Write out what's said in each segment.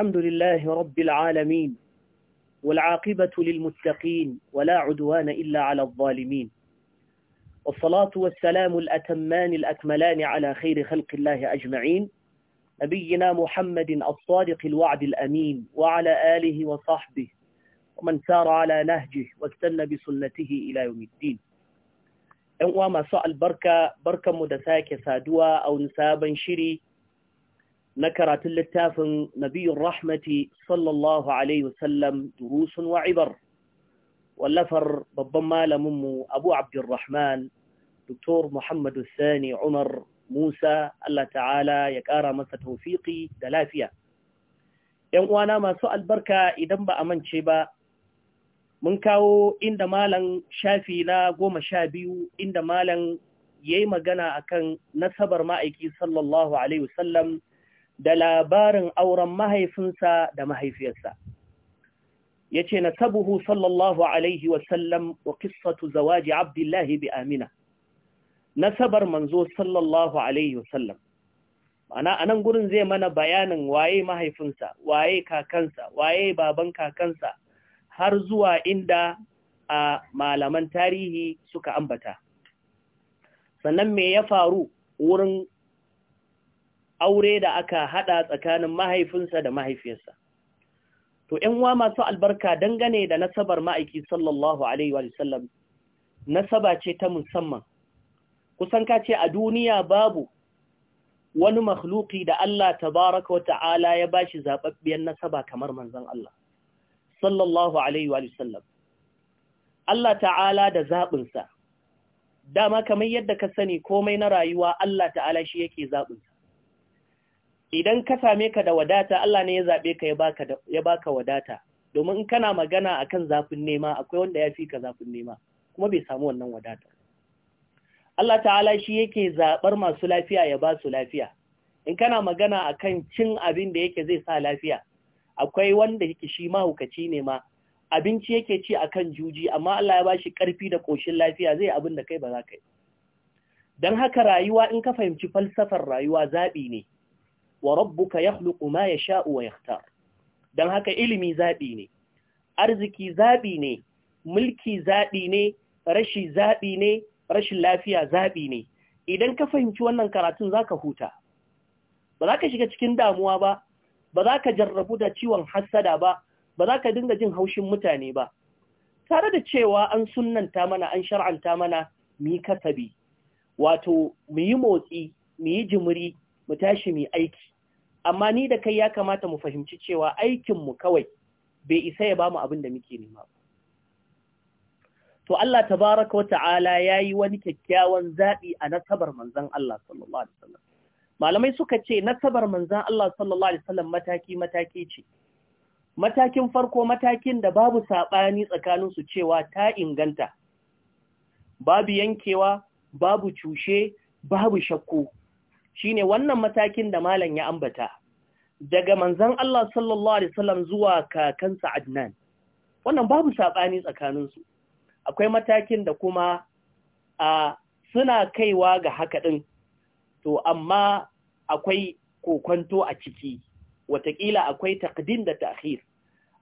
الحمد لله رب العالمين والعاقبة للمتقين ولا عدوان إلا على الظالمين والصلاة والسلام الأتمان الأكملان على خير خلق الله أجمعين نبينا محمد الصادق الوعد الأمين وعلى آله وصحبه ومن سار على نهجه واستنى بسنته إلى يوم الدين ‘Yan uwa بركة بركة مدساكة سادوة أو نسابا شري na karatun littafin Nabiyun Rahmati sallallahu Alaihi wasallam durusun wa'ibar, wallafar babban malaminmu Abu Abdurrahman, Dr. Muhammadu Sani Umar Musa, Allah ta'ala ya ƙara masa taufiƙi da lafiya. ‘Yan uwana masu albarka idan ba a mance ba, mun kawo inda malan shafi na goma sha biyu inda malan ya magana akan nasabar ma'aiki sallallahu Alaihi wasallam da labarin auren mahaifinsa da mahaifiyarsa. Ya ce, Na sallallahu Alaihi wasallam wa kisatu zawaji Abdullahi bi Amina, nasabar manzo sallallahu Alaihi wasallam. Ana a nan gurin zai mana bayanin waye mahaifinsa, waye kakansa, waye baban kakansa, har zuwa inda a malaman tarihi suka ambata. Sannan me ya faru wurin aure da aka hada tsakanin mahaifinsa da mahaifiyarsa to ƴan uwa masu albarka dangane da nasabar ma'aiki sallallahu alaihi wa sallam nasaba ce ta musamman kusan ka ce a duniya babu wani makhluki da Allah tabaraka wa ta'ala ya shi zababbiyar nasaba kamar manzan Allah sallallahu alaihi wa sallam Allah ta'ala da zaɓinsa dama kamar yadda ka sani komai na rayuwa Allah ta'ala shi yake zabinsa idan ka same ka da wadata Allah ne ya zaɓe ka ya baka wadata domin in kana magana akan zafin nema akwai wanda ya fi ka zafin nema kuma bai samu wannan wadata Allah ta'ala shi yake zabar masu lafiya ya ba su lafiya in kana magana akan cin abin da yake zai sa lafiya akwai wanda yake shi mahaukaci ne ma abinci yake ci akan juji amma Allah ya bashi karfi da koshin lafiya zai abin da kai ba za ka yi don haka rayuwa in ka fahimci falsafar rayuwa zaɓi ne wa rabbuka yakhluqu ma yasha'u wa yakhtar dan haka ilimi zabi ne arziki zabi ne mulki zabi ne rashi zabi ne rashin lafiya zabi ne idan ka fahimci wannan karatun zaka huta ba za ka shiga cikin damuwa ba ba za ka jarrabu da ciwon hassada ba ba za ka dinga jin haushin mutane ba tare da cewa an sunnanta mana an shar'anta mana mu yi kasabi wato mu yi motsi mu yi jimiri mu tashi mu aiki amma ni da kai ya kamata mu fahimci cewa aikin mu kawai bai isa ya bamu abin da muke nema ba to Allah tabaraka waTa'ala ta'ala yayi wani kyakkyawan zabi a nasabar manzon Allah sallallahu alaihi wasallam malamai suka ce nasabar manzon Allah sallallahu alaihi wasallam mataki mataki ce matakin farko matakin da babu sabani tsakanin su cewa ta inganta babu yankewa babu cushe babu shakku shine wannan matakin da malam ya ambata daga manzan Allah sallallahu alaihi wasallam zuwa kakansa Adnan wannan babu saɓani tsakaninsu akwai matakin da kuma a suna kaiwa ga haka ɗin to amma akwai kokwanto a ciki watakila akwai taqdim da ta'khir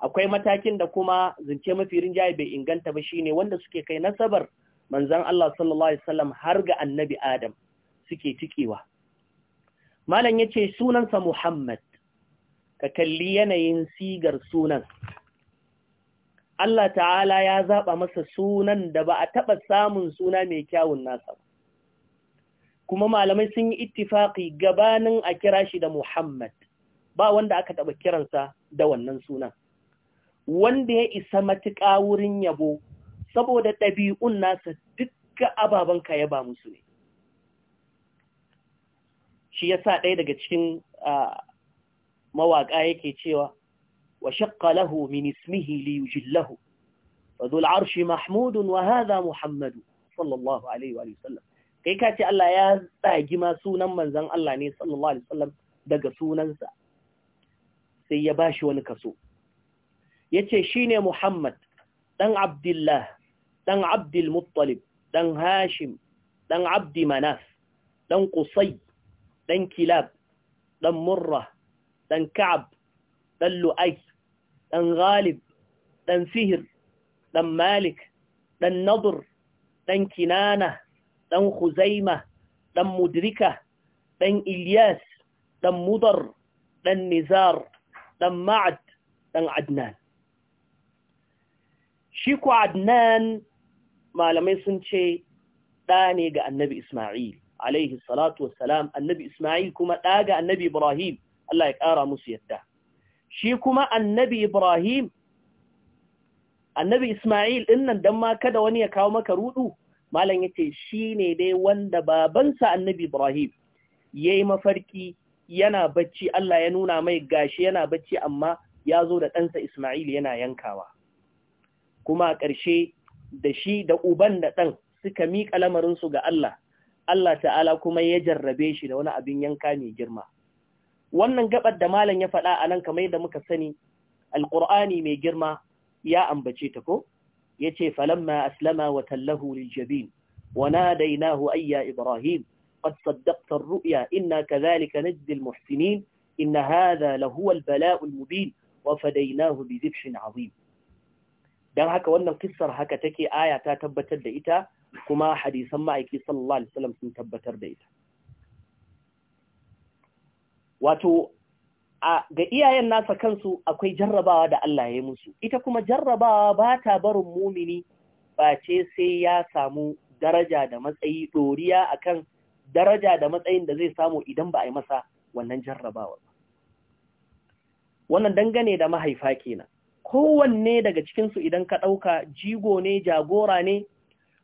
akwai matakin da kuma zance mafi rinjaye bai inganta ba shine wanda suke kai nasabar manzon Allah sallallahu alaihi wasallam har ga annabi Adam suke cikewa malam ya ce sunansa Muhammad, ka kalli yanayin sigar sunan. Allah ta'ala ya zaɓa masa sunan da ba a taɓa samun suna mai kyawun nasa. Kuma malamai sun yi ittifaƙi gabanin a kira shi da Muhammad, ba wanda aka taɓa kiransa da wannan sunan. Wanda ya isa matuƙa wurin yabo, saboda ɗabi'un nasa dukka ababanka ya ba musu ne. shi yasa ɗaya daga cikin mawaƙa yake cewa wa shakka lahu min ismihi li yujillahu wa zul arshi mahmudun wa hadha muhammadu sallallahu alaihi wa sallam kai ka ce Allah ya tsagi ma sunan manzon Allah ne sallallahu alaihi wa sallam daga sunansa sai ya bashi wani kaso yace shine Muhammad dan Abdullah dan Abdul Muttalib dan Hashim dan Abdi Manaf dan Qusay ɗan kilab ɗan murra ɗan ka'ab ɗan lu'ai ɗan ghalib ɗan fihir ɗan malik ɗan nadur ɗan kinana ɗan huzaima ɗan mudrika ɗan ilyas ɗan mudar ɗan nizar ɗan ma'ad ɗan adnan shi ku adnan malamai sun ce ɗa ne ga annabi ismail alaihi salatu wassalam annabi Ismail kuma ɗa annabi Ibrahim Allah ya ƙara musu yadda shi kuma annabi Ibrahim annabi Ismail ɗinnan dan ma kada wani ya kawo maka rudu malam yace shine dai wanda babansa annabi Ibrahim yayi mafarki yana bacci Allah ya nuna mai gashi yana bacci amma ya zo da ɗansa Ismail yana yankawa kuma ƙarshe da shi da uban da ɗan suka miƙa lamarinsu ga Allah Allah ta'ala kuma ya jarrabe shi da wani abin yanka mai girma. Wannan gabar da malam ya faɗa a nan kamar yadda muka sani, Alƙur'ani mai girma ya ambace ta ko? Ya ce, Falamma aslama wa tallahu liljabin, wa nadainahu ayya Ibrahim, qad saddaktar ar-ru'ya inna kadhalika Najdil al-muhsinin, inna haza lahuwal al-bala'u mubin wa fadaynahu bi 'azim. don haka wannan kissar haka take aya ta tabbatar da ita kuma hadisan ma'aiki sallallahu alaihi wasallam sun tabbatar da ita wato a ga iyayen nasa kansu akwai jarrabawa da Allah ya musu ita kuma jarrabawa ba ta barin mumini ba ce sai ya samu daraja da matsayi doriya akan daraja da matsayin da zai samu idan ba a yi masa wannan jarrabawa ba wannan dangane da mahaifa kenan kowanne daga cikinsu idan ka ɗauka jigo ne jagora ne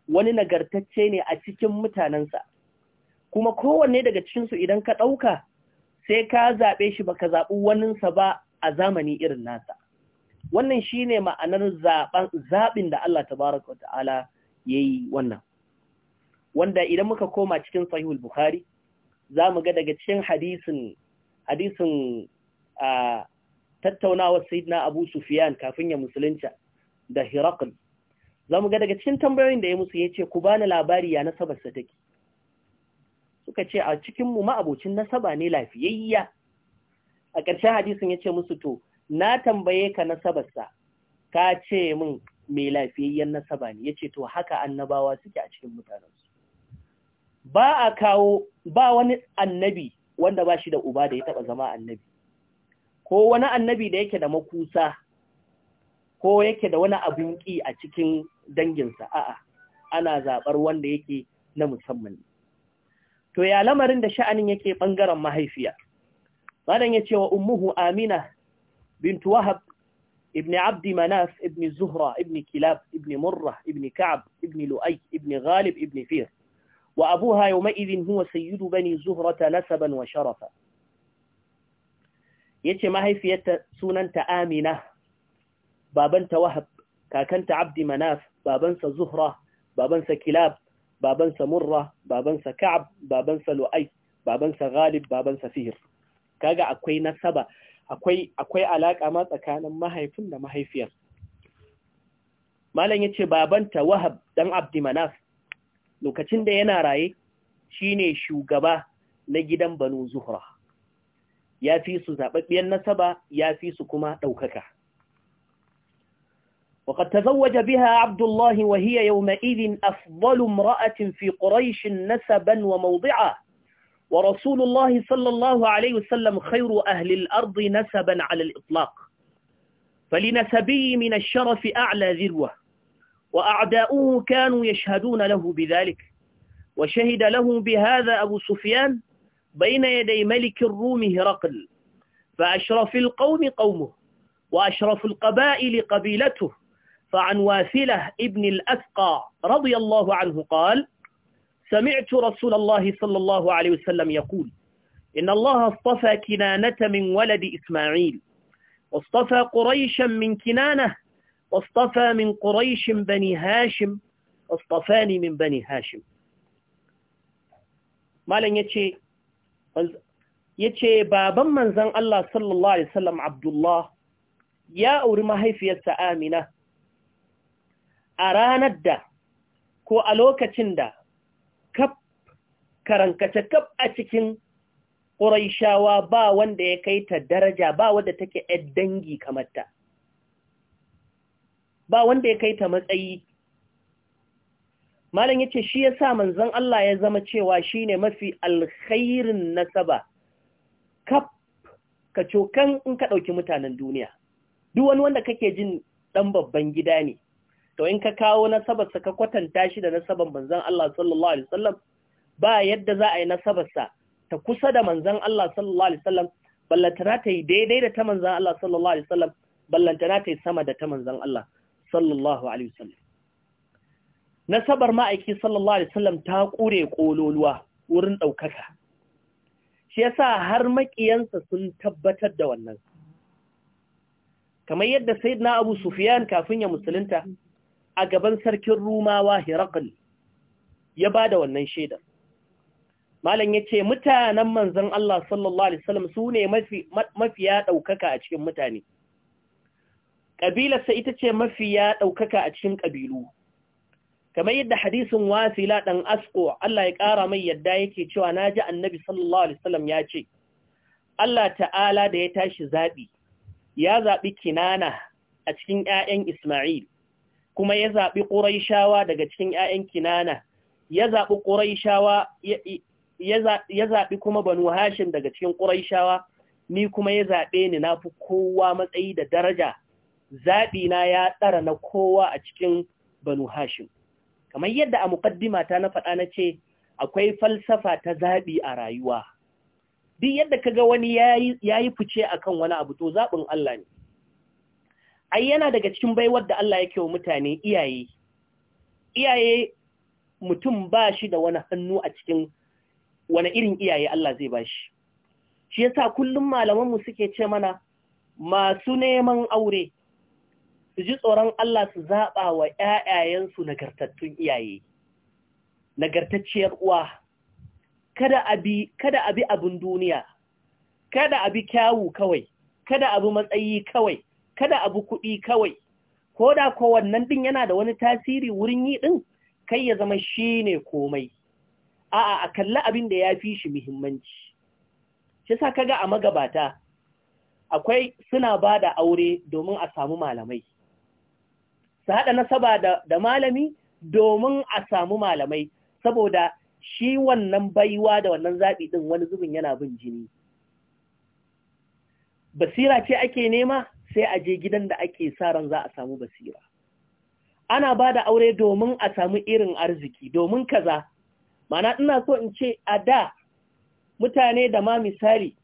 wani nagartacce ne a cikin mutanensa kuma kowanne daga cikinsu idan ka ɗauka sai ka zaɓe shi baka zaɓi waninsa ba a zamani irin nasa wannan shi ne ma'anar zaɓin da Allah Wa ta'ala ya yi wannan wanda idan muka koma cikin sahihul bukhari za mu ga daga cikin hadisin hadisin tattaunawar sayyidina abu sufyan kafin ya musulunta da hirakul za mu ga daga cikin tambayoyin da ya musu ya ce ku bani labari ya nasabarsa take suka ce a cikinmu ma'abocin nasaba ne lafiyayya a ƙarshen hadisin ya ce musu to na tambaye ka nasabarsa ka ce min mai lafiyayyen nasaba ne ya ce to haka annabawa suke a cikin mutanensu ba a kawo ba wani annabi wanda ba shi da uba da ya taɓa zama annabi ko wani annabi da yake da makusa ko yake da wani abin ƙi a cikin danginsa a'a ana zaɓar wanda yake na musamman to ya lamarin da sha'anin yake ɓangaren mahaifiya malam ya ce wa ummuhu amina bintu wahab ibn abdi manaf ibn zuhra ibn kilab ibn murra ibn ka'ab ibn lu'ay ibn ghalib ibn fir wa abuha yawma'idhin huwa sayyidu bani ta nasaban wa sharafa yace mahaifiyarta sunanta amina babanta wahab kakanta abdi manaf babansa zuhra babansa kilab babansa murra babansa ka'ab babansa lu'ai babansa ghalib babansa fihir kaga akwai nasaba akwai akwai alaka ma tsakanin mahaifin da mahaifiyar malam yace babanta wahab dan abdi manaf lokacin da yana raye shine shugaba na gidan banu zuhra ya fi su zaɓaɓɓiyar nasaba ya fi su kuma ɗaukaka وقد تزوج بها عبد الله وهي يومئذ أفضل امرأة في قريش نسبا وموضعا ورسول الله صلى الله عليه وسلم خير أهل الأرض نسبا على الإطلاق فلنسبه من الشرف أعلى ذروة وأعداؤه كانوا يشهدون له بذلك وشهد له بهذا أبو سفيان بين يدي ملك الروم هرقل فأشرف القوم قومه وأشرف القبائل قبيلته فعن واسلة ابن الأسقى رضي الله عنه قال سمعت رسول الله صلى الله عليه وسلم يقول إن الله اصطفى كنانة من ولد إسماعيل واصطفى قريشا من كنانة واصطفى من قريش بني هاشم واصطفاني من بني هاشم بابا من زن الله صلى الله عليه وسلم عبد الله يا auri في السآمنة a ranar da ko a lokacin da kaf karankace kaf a cikin ƙuraishawa ba wanda ya kai ta daraja ba wadda take ‘yar dangi kamar ta, ba wanda ya kai ta matsayi. Malam yace shi yasa manzon Allah ya zama cewa shine mafi alkhairin nasaba, kaf ka in ka ɗauki mutanen duniya, duk wani wanda kake jin dan babban gida ne, to in ka kawo nasabarsa ka kwatanta shi da nasabar manzon Allah sallallahu alaihi wasallam ba yadda za a yi nasabarsa ta kusa da manzon Allah sallallahu alaihi wasallam ballantana ta yi daidai da ta manzon Allah sallallahu alaihi wasallam ballantana ta yi sama da ta manzon Allah sallallahu alaihi wasallam nasabar ma'aiki sallallahu alaihi wasallam ta kure kololuwa wurin daukaka shi yasa har makiyansa sun tabbatar da wannan kamar yadda sayyidina Abu Sufyan kafin ya musulunta a gaban sarkin Rumawa Herakl ya ba da wannan shaidar. Malam ya ce, Mutanen manzan Allah sallallahu Alaihi wasallam su ne mafiya ɗaukaka a cikin mutane. Ƙabilarsa ita ce mafiya ɗaukaka a cikin ƙabilu. Kamar yadda hadisin wasila ɗan asko Allah ya ƙara mai yadda yake cewa na ji annabi sallallahu Alaihi wasallam ya ce, Allah ta'ala da ya tashi zaɓi, ya zaɓi kinana a cikin ‘ya'yan Ismail, kuma ya zaɓi ƙuraishawa daga cikin ‘ya'yan kinana, ya zaɓi ya zaɓi kuma banu hashin daga cikin ƙuraishawa, ni kuma ya zaɓe ni na fi kowa matsayi da daraja, zaɓina ya ɗara na kowa a cikin banu hashin. Kamar yadda a muƙaddima ta na faɗa na ce, akwai falsafa ta zaɓi a rayuwa. Duk yadda ka ga wani ya yi fice a kan wani abu, to zaɓin Allah ne. ai yana daga cikin baiwar da Allah yake wa mutane iyaye iyaye mutum ba shi da wani hannu a cikin wani irin iyaye Allah zai ba shi shi yasa kullum malamanmu suke ce mana masu neman aure su ji tsoron Allah su zaɓa wa ‘ya'yayensu nagartattun iyaye, nagartacciyar uwa, kada abi, kada abi abin duniya, kada abi kyawu kawai, kada abi matsayi kawai, kada abu kuɗi kawai ko da ko wannan din yana da wani tasiri wurin yi ɗin, kai ya zama shi ne komai a'a a kalli abin da ya fi shi muhimmanci shi sa kaga a magabata akwai suna ba da aure domin a samu malamai su haɗa nasaba da malami domin a samu malamai saboda shi wannan baiwa da wannan zaɓi ɗin wani zubin yana bin jini basira ce ake nema sai a je gidan da ake sa ran za a samu basira ana ba da aure domin a samu irin arziki domin kaza mana ina so in ce a da mutane da ma misali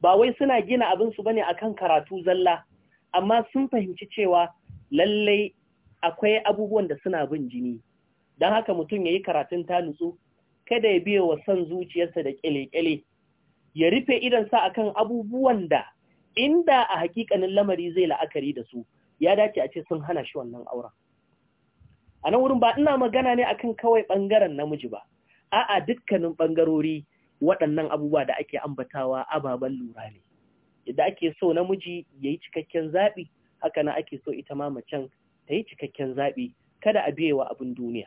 ba wai suna gina abinsu bane akan karatu zalla amma sun fahimci cewa lallai akwai abubuwan da suna bin jini don haka mutum ya yi karatun ta nutsu kada ya biya wa son zuciyarsa da ƙyale-ƙyale ya rufe sa akan abubuwan da inda a hakikanin lamari zai la'akari da su ya dace a ce sun hana shi wannan auren a nan wurin ba ina magana ne akan kawai ɓangaren namiji ba a'a dukkanin bangarori waɗannan abubuwa da ake ambatawa ababen lura ne Idan ake so namiji ya yi cikakken zaɓi haka na ake so ita ma macen ta yi cikakken zaɓi kada a biyewa abin duniya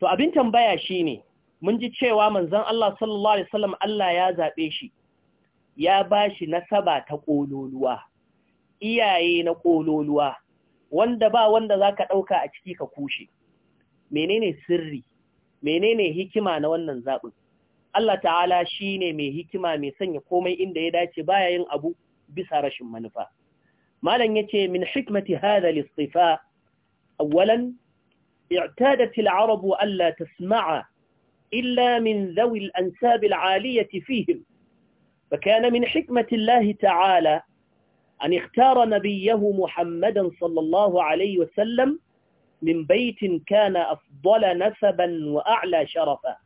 to abin tambaya shi ne, mun ji cewa manzon Allah sallallahu alaihi wasallam Allah ya zaɓe shi ya ba shi nasaba ta ƙololuwa, iyaye na ƙololuwa, wanda ba wanda za ka ɗauka a ciki ka kushe. Menene sirri, menene hikima na wannan zaɓin? Allah ta'ala shi ne mai hikima mai sanya komai inda ya dace baya yin abu bisa rashin manufa. Malam ya ce, Min hikmati hada listifa, awwalan, i'tadati al'arabu Allah tasma'a illa min zawil ansabil aliyati fihim. فكان من حكمة الله تعالى أن اختار نبيه محمدا صلى الله عليه وسلم من بيت كان أفضل نسبا وأعلى شرفا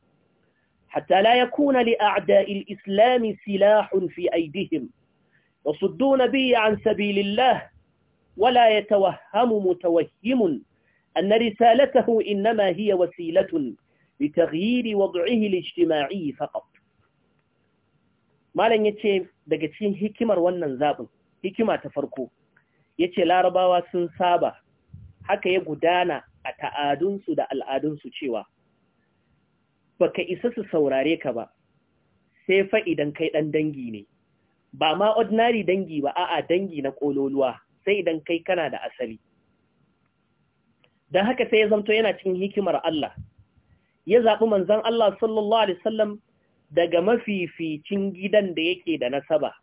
حتى لا يكون لأعداء الإسلام سلاح في أيديهم يصدوا نبي عن سبيل الله ولا يتوهم متوهم أن رسالته إنما هي وسيلة لتغيير وضعه الاجتماعي فقط malam ya ce daga cikin hikimar wannan zaɓin hikima ta farko ya ce larabawa sun saba haka ya gudana a ta'adunsu da al'adunsu cewa Ba ka isa su saurare ka ba sai fa idan kai ɗan dangi ne ba ma ordinary dangi ba a'a dangi na ƙololuwa sai idan kai kana da asali don haka sai ya zamto yana cikin hikimar Allah ya zaɓi manzan Allah sallallahu Alaihi wasallam daga mafificin gidan da yake da nasaba,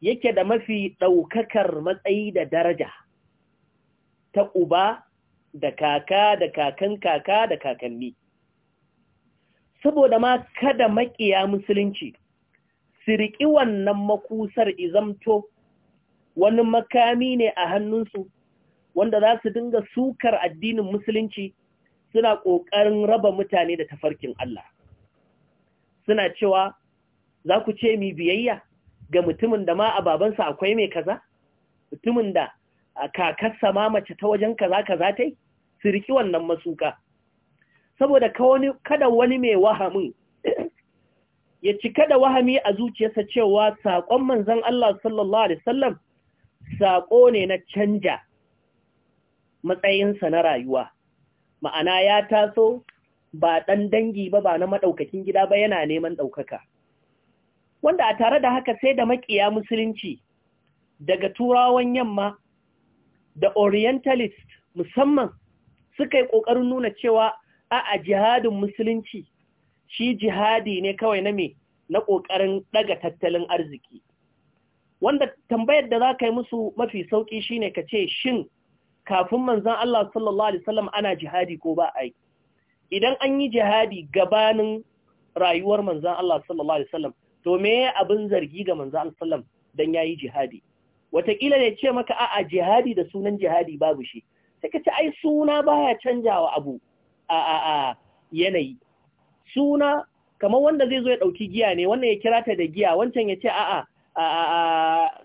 yake da mafi ɗaukakar matsayi da daraja ta uba da kaka da kakan kaka da kakanni. Saboda ma kada maƙiya musulunci, siriki wannan makusar izamto wani makami ne a hannunsu wanda za su dinga sukar addinin musulunci suna ƙoƙarin raba mutane da tafarkin Allah. suna cewa za ku ce mi biyayya ga mutumin da ma a babansa akwai mai kaza mutumin da kakarsa ma mace ta wajen kaza kaza ta yi su riki wannan masuka saboda kada wani mai wahami, ya cika da wahami a zuciyarsa cewa saƙon manzan Allah sallallahu alaihi wasallam saƙo ne na canja matsayinsa na rayuwa ma'ana ya taso ba ɗan dangi ba ba na maɗaukakin gida ba yana neman ɗaukaka. Wanda a tare da haka sai da maƙiya musulunci daga turawan yamma da orientalist musamman suka yi ƙoƙarin nuna cewa a a jihadin musulunci shi jihadi ne kawai na me na ƙoƙarin ɗaga tattalin arziki. Wanda tambayar da za ka yi musu mafi sauƙi shine ka ce shin kafin manzan Allah sallallahu Alaihi wasallam ana jihadi ko ba a idan an yi jihadi gabanin rayuwar manzan Allah sallallahu Alaihi wasallam to me abin zargi ga manzan Allah sallam don ya yi jihadi Watakila ne ce maka a'a jihadi da sunan jihadi babu shi sai ka ce ai suna baya canjawa abu a a a yanayi suna kamar wanda zai zo ya ɗauki giya ne wannan ya kira ta da giya wancan ya ce a'a a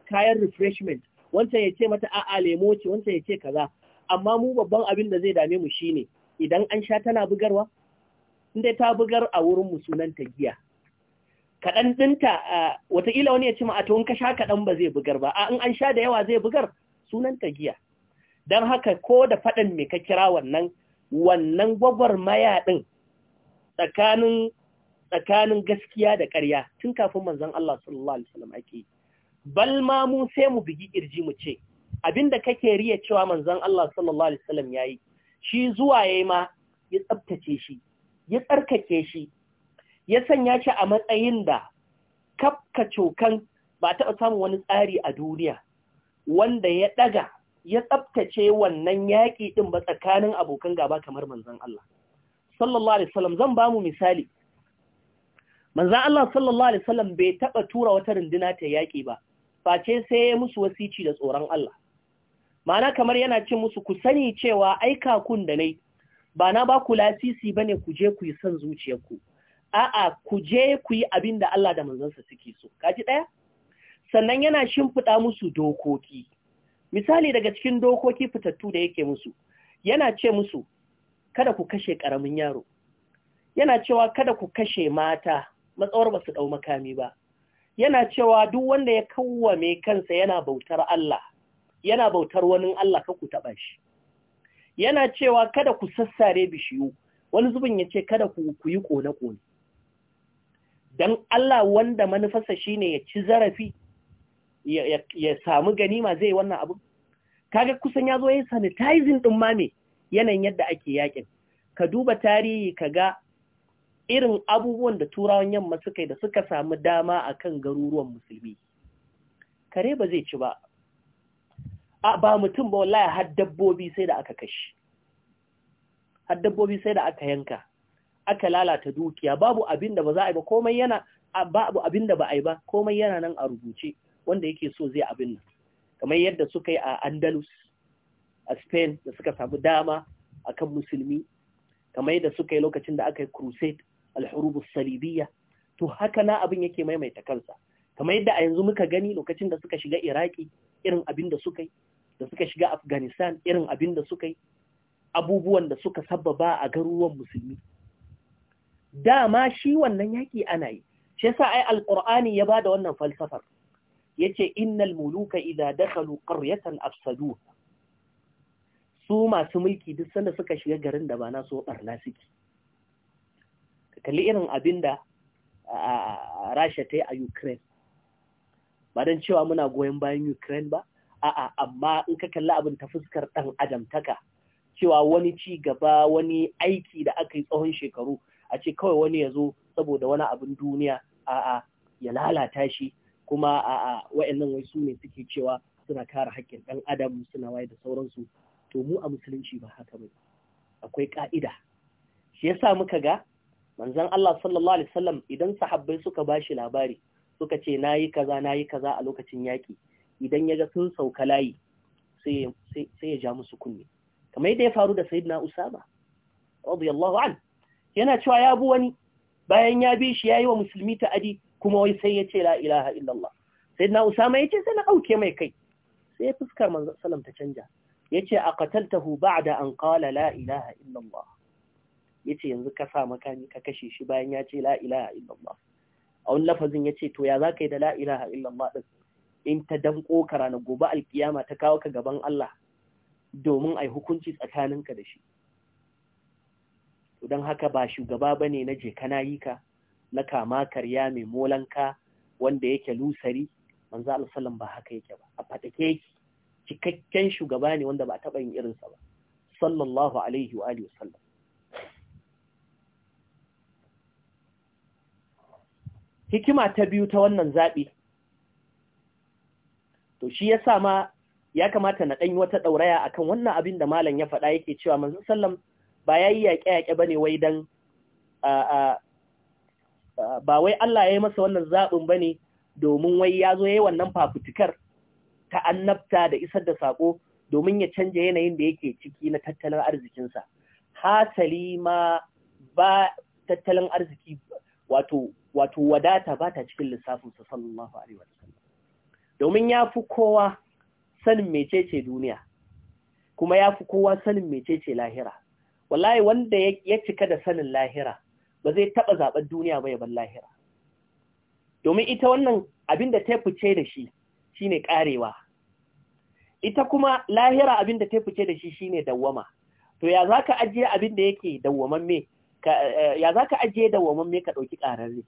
kayan refreshment wancan ya ce mata a'a lemo ce wancan ya ce kaza amma mu babban abin da zai dame mu shine idan an sha tana bugarwa? Inda ta bugar a wurin musunan ta giya. Kaɗan ɗinta wataƙila wani ya ci ma'ato in ka sha kaɗan ba zai bugar ba, a in an sha da yawa zai bugar sunan ta giya. Don haka ko da faɗin me ka kira wannan, wannan gwagwar maya ɗin tsakanin gaskiya da ƙarya tun kafin manzan Allah sallallahu alaihi wasallam ake bal ma mu sai mu bigi kirji mu ce abinda kake riya cewa Allah yayi shi zuwa ya ma ya tsabtace shi ya tsarkake shi ya sanya shi a matsayin da kafka cokan ba taɓa samun wani tsari a duniya wanda ya ɗaga ya tsabtace wannan yaƙi ɗin ba tsakanin abokan gaba kamar manzan Allah sallallahu alaihi wasallam zan ba mu misali manzan Allah sallallahu alaihi wasallam bai taɓa tura wata runduna ta yaƙi ba face sai ya musu wasici da tsoron Allah ma'ana kamar yana ce musu ku sani cewa aika kun da nai ba na ba ku lasisi bane ku je ku yi son zuciyarku a'a ku je ku yi abin da Allah da manzansa suke so kaji daya sannan yana shimfiɗa musu dokoki misali daga cikin dokoki fitattu da yake musu yana ce musu kada ku kashe karamin yaro yana cewa kada ku kashe mata matsawar ba su dau makami ba yana cewa duk wanda ya kawwame kansa yana bautar Allah yana bautar wani Allah ka ku taɓa shi yana cewa kada ku sassare bishiyu wani zubin ya ce kada ku yi ƙone-ƙone don Allah wanda manufarsa shine ya ci zarafi ya samu ganima zai wannan abu kaga kusan ya zo ya yi sanitizing ɗin mame yanayin yadda ake yakin ka duba tarihi ka ga irin abubuwan da turawan yamma suka yi da suka samu dama a kan garuruwan musulmi kare ba zai ci ba a ba mutum ba wallahi har dabbobi sai da aka kashi har dabbobi sai da aka yanka aka lalata dukiya babu abin da ba za a yi ba komai yana babu abin ba a yi ba komai yana nan a rubuce wanda yake so zai abin nan kamar yadda suka yi a Andalus a Spain da suka samu dama akan musulmi kamar yadda suka yi lokacin da aka yi crusade al-hurubus salibiyya to haka na abin yake maimaita kansa kamar yadda a yanzu muka gani lokacin da suka shiga Iraki irin abin da suka yi da suka shiga Afghanistan irin abin da suka yi, abubuwan da suka sababa a garuruwan musulmi. Dama shi wannan yaƙi ana yi, shi yasa ai Alƙur'ani ya ba da wannan falsafar, ya ce, Innal muluka idha dakhalu qaryatan afsadu su masu mulki duk sanda suka shiga garin da ba na so barna suke. Ka kalli irin abin da Rasha ta a Ukraine, ba don cewa muna goyon bayan Ukraine ba, a'a amma in ka kalli abin ta fuskar ɗan adamtaka cewa wani ci gaba wani aiki da aka yi tsawon shekaru a ce kawai wani ya zo saboda wani abin duniya a'a ya lalata shi kuma a'a wa'annan wai su ne suke cewa suna kare haƙƙin ɗan adam suna waye da sauransu to mu a musulunci ba haka ba akwai ƙa'ida shi yasa muka ga manzon Allah sallallahu alaihi wasallam idan sahabbai suka bashi labari suka ce nayi kaza nayi kaza a lokacin yaƙi idan ya ga sun sauka layi sai ya ja musu kunne kamar yadda ya faru da sayyidina usama radiyallahu an yana cewa ya bu wani bayan ya bi shi yayi wa musulmi ta adi. kuma wai sai ya ce la ilaha illallah sayyidina usama yace sai na auke mai kai sai ya fuskar manzon sallam ta canja yace a qataltahu ba'da an qala la ilaha illallah yace yanzu ka sa makami ka kashe shi bayan ya ce la ilaha illallah a wani lafazin yace to ya zaka yi da la ilaha illallah din in ta danko ka ranar gobe alkiyama ta kawo ka gaban Allah domin ai hukunci tsakaninka da shi don haka ba shugaba ba ne na je kana yi ka na kama karya mai molanka wanda yake lusari manzo alsallam ba haka yake ba a fatake yake cikakken shugaba ne wanda ba a taɓa yin irinsa ba sallallahu alaihi wa alihi hikima ta biyu ta wannan zaɓi to shi ya sa ma ya kamata na ɗanyi wata ɗauraya a kan wannan abin da malam ya faɗa yake cewa manzan sallam ba ya yi yaƙe-yaƙe ba ne wai don ba wai Allah ya yi masa wannan zaɓin ba ne domin wai ya zo ya yi wannan fafutukar ta annabta da isar da saƙo domin ya canja yanayin da yake ciki na tattalin arzikinsa. Hasali ma ba tattalin arziki wato wadata ba ta cikin lissafinsa sallallahu Alaihi wasallam. domin ya fi kowa sanin mecece duniya kuma ya fi kowa sanin mecece lahira wallahi wanda ya cika da sanin lahira ba zai taɓa zaɓen duniya ba yaban lahira domin ita wannan abin da ta fice da shi shine ƙarewa ita kuma lahira abin da ta fice da shi shine dawwama to ya zaka ajiye abin da yake dawwamamme eh, ya zaka ajiye dawwamamme ka ɗauki ƙararre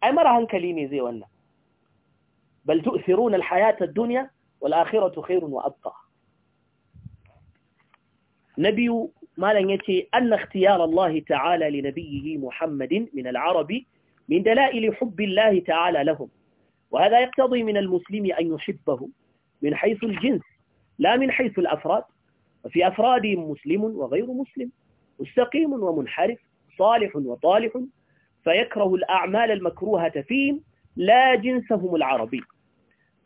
ai mara hankali ne zai wannan بل تؤثرون الحياة الدنيا والآخرة خير وأبقى نبي مالا يتي أن اختيار الله تعالى لنبيه محمد من العرب من دلائل حب الله تعالى لهم وهذا يقتضي من المسلم أن يحبه من حيث الجنس لا من حيث الأفراد وفي أفرادهم مسلم وغير مسلم مستقيم ومنحرف صالح وطالح فيكره الأعمال المكروهة فيهم لا جنسهم العربي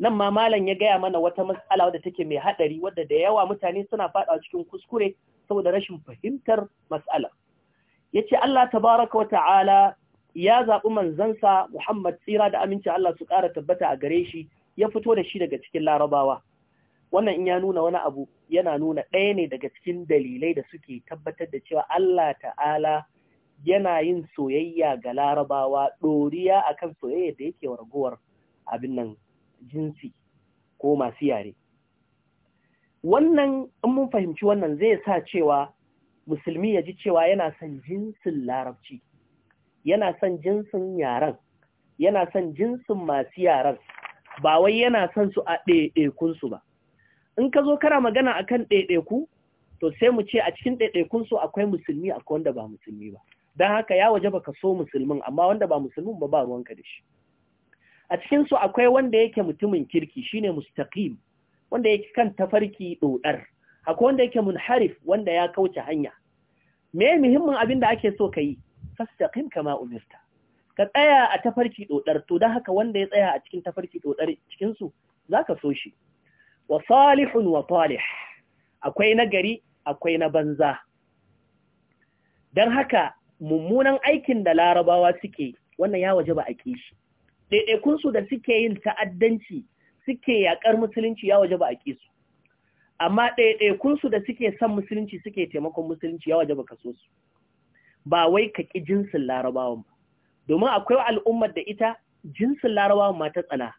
nan ma malam ya gaya mana wata matsala wadda take mai haɗari wadda da yawa mutane suna faɗawa cikin kuskure saboda rashin fahimtar matsala ya ce Allah tabaraka wa ta'ala ya zaɓi manzansa Muhammad tsira da aminci Allah su ƙara tabbata a gare shi ya fito da shi daga cikin larabawa wannan in ya nuna wani abu yana nuna ɗaya ne daga cikin dalilai da suke tabbatar da cewa Allah ta'ala yana yin soyayya ga larabawa ɗoriya akan soyayya da yake ragowar abin nan jinsi ko masu yare wannan in mun fahimci wannan zai sa cewa musulmi ya ji cewa yana son jinsin larabci yana son jinsin yaren yana son jinsin masu yaren ba wai yana son su a ɗaiɗaikunsu ba in ka zo kara magana a kan ɗaiɗaiku to sai mu ce a cikin ɗaiɗaikunsu akwai musulmi akwai wanda ba musulmi ba don haka ya waje baka so musulmin amma wanda ba musulmin ba ba ruwanka da shi a cikin su akwai wanda yake mutumin kirki shine mustaqim wanda yake kan tafarki dodar akwai wanda yake munharif wanda ya kauce hanya me muhimmin abin da ake so kai fastaqim kama umirta ka tsaya a tafarki dodar to dan haka wanda ya tsaya a cikin tafarki dodar cikin su zaka so shi wa salihun wa talih akwai nagari akwai na banza dan haka mummunan aikin da larabawa suke wannan ya waje ba a kishi ɗaiɗaikunsu da suke yin ta'addanci suke yaƙar musulunci ya waje ba a ƙi su amma ɗaiɗaikunsu da suke son musulunci suke taimakon musulunci ya waje ba ka so su ba wai ka ƙi jinsin larabawan ba domin akwai al'ummar da ita jinsin larabawan ma ta tsana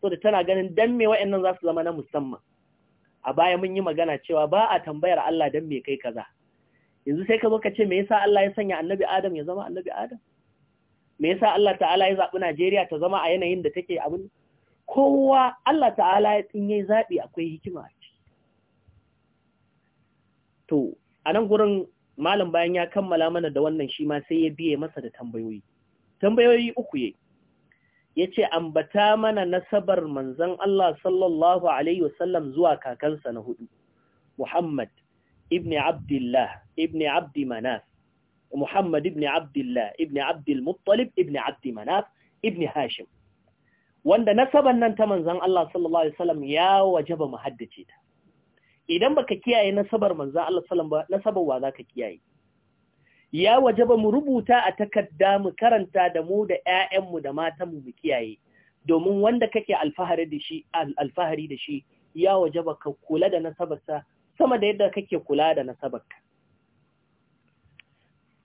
so da tana ganin dan me wa'annan za su zama na musamman a baya mun yi magana cewa ba a tambayar Allah dan me kai kaza yanzu sai ka zo ka ce me yasa Allah ya sanya annabi Adam ya zama annabi Adam me yasa Allah ta'ala ya zaɓi Najeriya ta zama a yanayin da take abin kowa Allah ta'ala ya tsinye zaɓi akwai hikima to a nan gurin malam bayan ya kammala mana da wannan shi ma sai ya biye masa da tambayoyi tambayoyi uku ye ce ambata mana nasabar manzon Allah sallallahu alaihi wasallam zuwa kakansa na hudu Muhammad ibn Abdullah ibn Abd Manaf Muhammad ibn Abdullah ibn Abdul Muttalib ibn Abdi Manaf ibn Hashim wanda nasabar nan ta manzon Allah sallallahu alaihi wasallam ya wajaba mu haddace ta idan baka kiyaye nasabar manzon Allah sallallahu alaihi wasallam nasabar wa zaka kiyaye ya wajaba mu rubuta a takarda mu karanta da mu da mu da matanmu mu kiyaye domin wanda kake alfahari da shi alfahari da shi ya wajaba ka kula da nasabarsa sama da yadda kake kula da nasabarka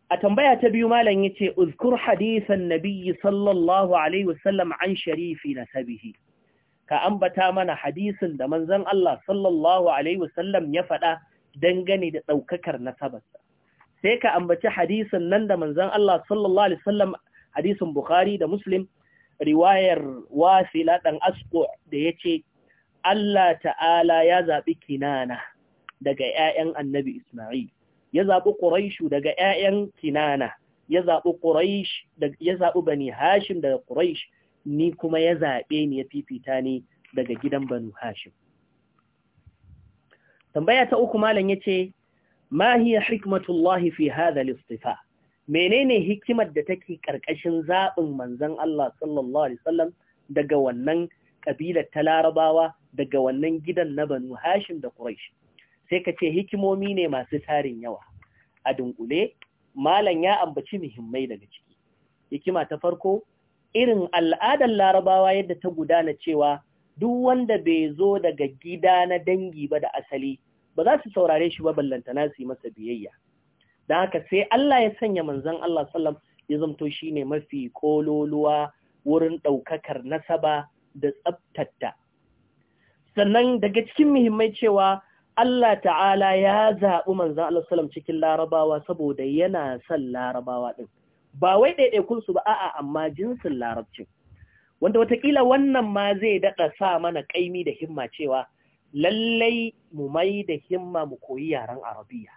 a tambaya ta biyu malam yace uzkur hadisan nabiyyi sallallahu alaihi wasallam an sharifi nasabihi ka ambata mana hadisin da manzon Allah sallallahu alaihi wasallam ya faɗa dangane da daukakar nasabarsa sai ka ambaci hadisin nan da manzon Allah sallallahu alaihi wasallam hadisin Bukhari da Muslim riwayar Wasila dan Asqu da yace Allah ta'ala ya zabi Kinana daga ƴaƴan Annabi Isma'il ya zaɓi ƙuraishu daga ‘ya'yan kinana ya zaɓi zaɓi bani hashim daga ƙuraish ni kuma ya zaɓe ni ya fifita ni daga gidan banu hashim tambaya ta uku malam ya ce mahiya hikmatullahi fi hadha al-istifa menene hikimar da take ƙarƙashin zaɓin manzon Allah sallallahu alaihi wasallam daga wannan ƙabilar ta larabawa daga wannan gidan na banu hashim da quraish sai ka ce hikimomi ne masu tarin yawa a dunkule malam ya ambaci muhimmai daga ciki hikima ta farko irin al'adar larabawa yadda ta gudana cewa duk wanda bai zo daga gida na dangi ba da asali ba za su saurare shi ba ballantana su yi masa biyayya don haka sai Allah ya sanya manzon Allah sallam ya zamto shine mafi kololuwa wurin ɗaukakar nasaba da tsabtata sannan daga cikin muhimmai cewa Allah ta'ala ya zaɓi manzan Allah salam cikin larabawa saboda yana son larabawa ɗin. Ba wai su ba a'a amma jinsin larabci. Wanda watakila wannan ma zai daɗa sa mana ƙaimi da himma cewa lallai mu mai da himma mu koyi yaren Arabiya.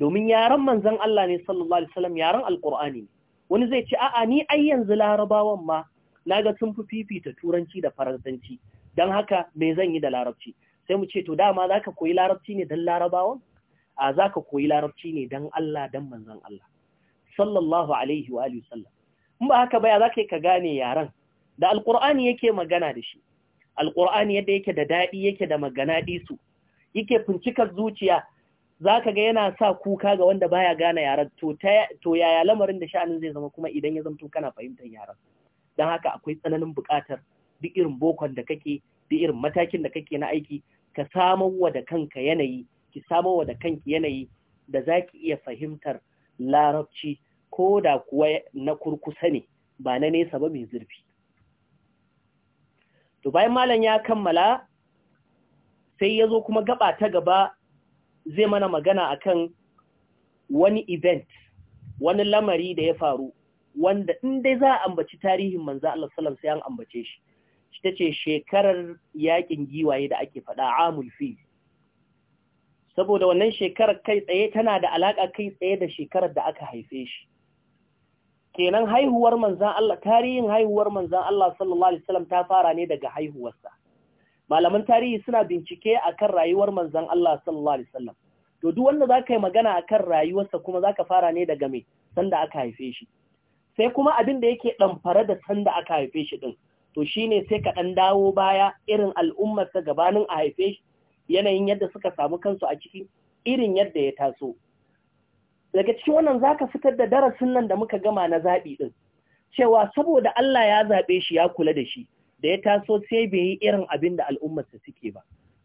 Domin yaren manzan Allah ne sallallahu Alaihi wasallam yaren Alƙur'ani ne. Wani zai ci a'a ni ai yanzu larabawan ma, na ga sun fi fifita turanci da faransanci, don haka me zan yi da larabci. sai mu ce to dama za ka koyi larabci ne don larabawan? a za ka koyi larabci ne don Allah don manzan Allah sallallahu alaihi wa alihi sallam in ba haka baya za ka yi ka gane yaren? da alkur'ani yake magana da shi alkur'ani yadda yake da daɗi yake da magana ɗisu yake fincikar zuciya za ka ga yana sa kuka ga wanda baya gane yaren. to yaya lamarin da sha'anin zai zama kuma idan ya zamto kana fahimtar yaren? don haka akwai tsananin buƙatar duk irin bokon da kake duk irin matakin da kake na aiki ka samar wa da kanka yanayi ki samar wa da kanki yanayi da za ki iya fahimtar larabci ko da kuwa na kurkusa ne ba na nesa ba mai zurfi to bayan malam ya kammala sai ya zo kuma gaba ta gaba zai mana magana akan wani event wani lamari da ya faru wanda in dai za a ambaci tarihin manzo Allah sallallahu alaihi wasallam sai an ambace shi ita ce shekarar yakin giwaye da ake faɗa amul fi saboda wannan shekarar kai tsaye tana da alaƙa kai tsaye da shekarar da aka haife shi kenan haihuwar manzan Allah tarihin haihuwar manzan Allah sallallahu alaihi wasallam ta fara ne daga haihuwarsa malaman tarihi suna bincike akan rayuwar manzan Allah sallallahu alaihi wasallam to duk wanda zaka yi magana akan rayuwarsa kuma zaka fara ne daga me sanda aka haife shi sai kuma abin da yake damfara da sanda aka haife shi din to ne sai ka ɗan dawo baya irin al'ummarsa gabanin a haife shi yanayin yadda suka samu kansu a ciki irin yadda ya taso daga cikin wannan za ka fitar da darasin nan da muka gama na zaɓi ɗin cewa saboda Allah ya zaɓe shi ya kula da shi da ya taso sai bai yi irin abin da al'ummarsa suke ba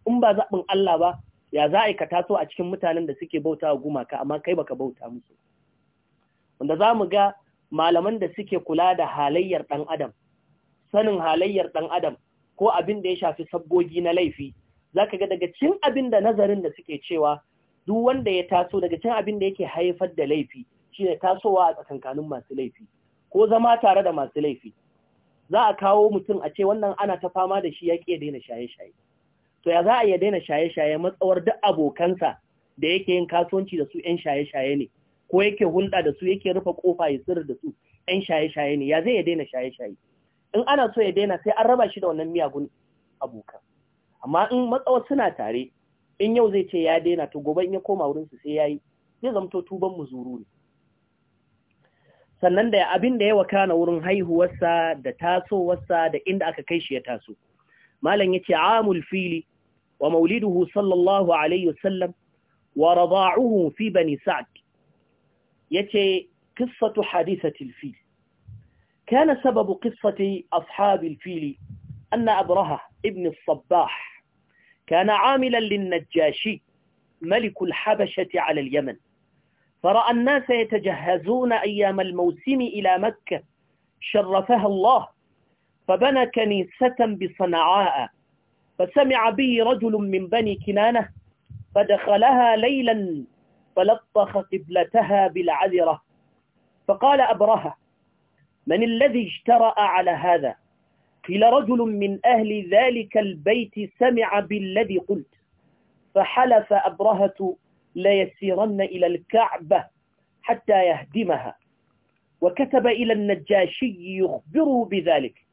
in ba zaɓin Allah ba ya za a ka taso a cikin mutanen da suke bauta wa gumaka amma kai baka bauta musu wanda za mu ga malaman da suke kula da halayyar ɗan adam sanin halayyar ɗan adam ko abin da ya shafi sabbogi na laifi za ka ga daga cin abin da nazarin da suke cewa duk wanda ya taso daga cin abin da yake haifar da laifi shi ne tasowa a tsakankanin masu laifi ko zama tare da masu laifi za a kawo mutum a ce wannan ana ta fama da shi ya daina shaye-shaye to ya za a iya daina shaye-shaye matsawar duk abokansa da yake yin kasuwanci da su 'yan shaye-shaye ne ko yake hulɗa da su yake rufe kofa ya sirri da su 'yan shaye-shaye ne ya zai ya daina shaye-shaye in ana so ya daina sai an raba shi da wannan miyagun abokan amma in matsawa suna tare in yau zai ce ya daina to gobe in ya koma wurin su sai yayi zai zamto tuban zuru ne sannan da abin da ya wakana wurin haihuwarsa da tasowarsa da inda aka kai shi ya taso malam yace amul fili wa mauliduhu sallallahu alaihi wasallam wa rada'uhu fi bani sa'd yace qissatu hadithatil fil كان سبب قصة أصحاب الفيل أن أبرهة ابن الصباح كان عاملا للنجاشي ملك الحبشة على اليمن فرأى الناس يتجهزون أيام الموسم إلى مكة شرفها الله فبنى كنيسة بصنعاء فسمع به رجل من بني كنانة فدخلها ليلا فلطخ قبلتها بالعذرة فقال أبرهة من الذي اجترأ على هذا قيل رجل من أهل ذلك البيت سمع بالذي قلت فحلف أبرهة ليسيرن إلى الكعبة حتى يهدمها وكتب إلى النجاشي يخبره بذلك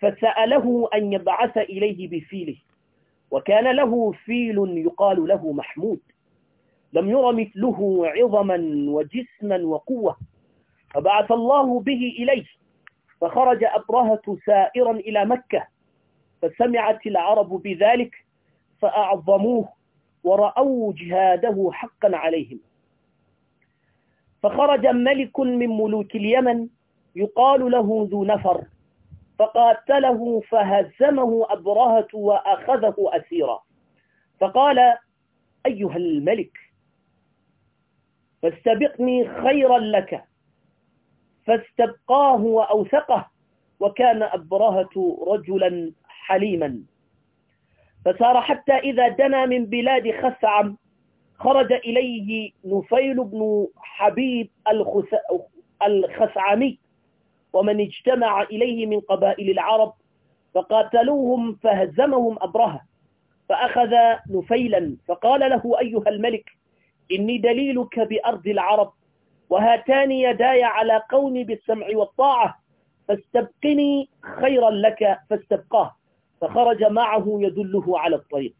فسأله أن يبعث إليه بفيله وكان له فيل يقال له محمود لم ير مثله عظما وجسما وقوة فبعث الله به إليه فخرج أبرهة سائرا إلى مكة فسمعت العرب بذلك فأعظموه ورأوا جهاده حقا عليهم فخرج ملك من ملوك اليمن يقال له ذو نفر فقاتله فهزمه أبرهة وأخذه أسيرا فقال أيها الملك فاستبقني خيرا لك فاستبقاه وأوثقه وكان أبرهة رجلا حليما فسار حتى إذا دنا من بلاد خثعم خرج إليه نفيل بن حبيب الخثعمي ومن اجتمع إليه من قبائل العرب فقاتلوهم فهزمهم أبرهة فأخذ نفيلا فقال له أيها الملك إني دليلك بأرض العرب وهاتان يداي على قومي بالسمع والطاعة فاستبقني خيرا لك فاستبقاه فخرج معه يدله على الطريق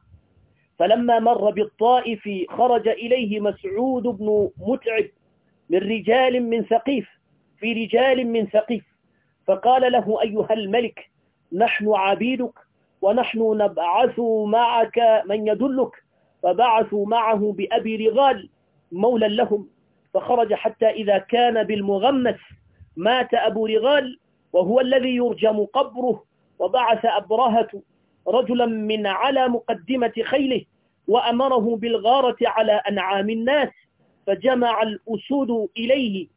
فلما مر بالطائف خرج إليه مسعود بن متعب من رجال من ثقيف في رجال من ثقيف فقال له أيها الملك نحن عبيدك ونحن نبعث معك من يدلك فبعثوا معه بأبي رغال مولا لهم فخرج حتى إذا كان بالمغمس مات أبو رغال وهو الذي يرجم قبره وبعث أبرهة رجلا من على مقدمة خيله وأمره بالغارة على أنعام الناس فجمع الأسود إليه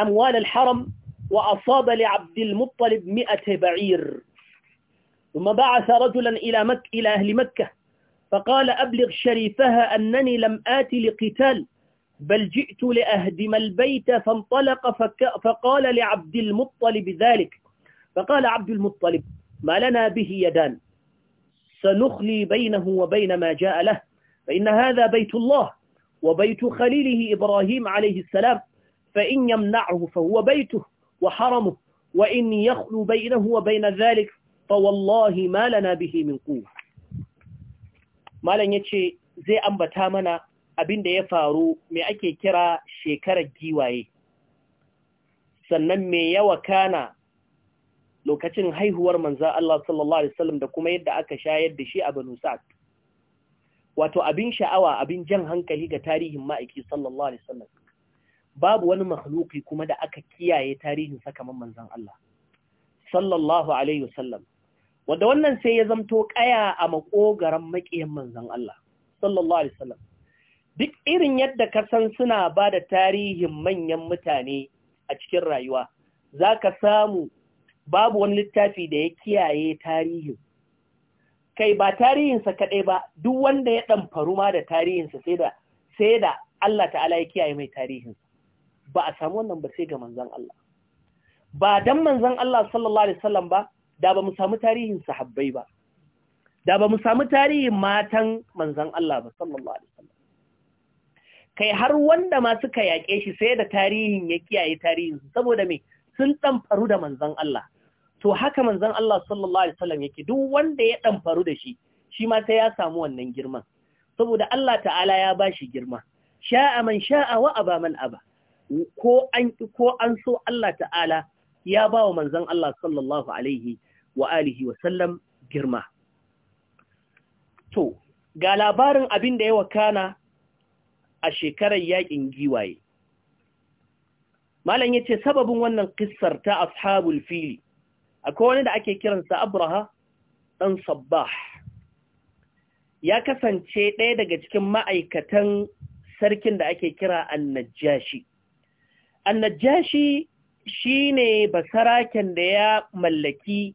أموال الحرم وأصاب لعبد المطلب مئة بعير ثم بعث رجلا إلى, مك إلى أهل مكة فقال أبلغ شريفها أنني لم آت لقتال بل جئت لأهدم البيت فانطلق فقال لعبد المطلب ذلك فقال عبد المطلب ما لنا به يدان سنخلي بينه وبين ما جاء له فإن هذا بيت الله وبيت خليله إبراهيم عليه السلام فإن يمنعه فهو بيته وحرمه وإن يخلو بينه وبين ذلك فوالله ما لنا به من قوة malam ya ce zai ambata mana abin da ya faru mai ake kira shekarar giwaye sannan mai yawa kana lokacin haihuwar manzan Allah sallallahu Alaihi wasallam da kuma yadda aka shayar da shi a Banu Sa'ad. Wato abin sha'awa abin jan hankali ga tarihin ma'aiki sallallahu Alaihi wasallam. Babu wani makhluki kuma da aka kiyaye tarihin sakaman manzan Allah sallallahu Alaihi wasallam. wanda wannan sai ya zamto kaya a makogaran maƙiyan manzan Allah sallallahu alaihi wasallam duk irin yadda ka san suna ba da tarihin manyan mutane a cikin rayuwa zaka samu babu wani littafi da ya kiyaye tarihin kai ba tarihinsa kaɗai ba duk wanda ya ɗamfaru ma da tarihinsa sai da sai da Allah ta'ala ya kiyaye mai tarihinsa ba a samu wannan ba sai ga manzan Allah ba dan manzan Allah sallallahu alaihi wasallam ba da ba mu samu tarihin sahabbai ba da ba mu samu tarihin matan manzan Allah ba sallallahu alaihi wasallam kai har wanda ma suka yaƙe shi sai da tarihin ya kiyaye tarihin saboda me sun faru da manzan Allah to haka manzan Allah sallallahu alaihi wasallam yake duk wanda ya faru da shi shi ma sai ya samu wannan girman saboda Allah ta'ala ya ba shi girma sha'a man sha'a wa aba man aba ko an ko an so Allah ta'ala ya ba wa manzan Allah sallallahu alaihi wa alihi wa sallam girma to ga labarin abin da ya wakana a shekarar yakin giwaye malam yace sababin wannan kissar ta ashabul fili akwai wani da ake kiransa abraha dan sabbah ya kasance ɗaya daga cikin ma'aikatan sarkin da ake kira annajashi annajashi shine basaraken da ya mallaki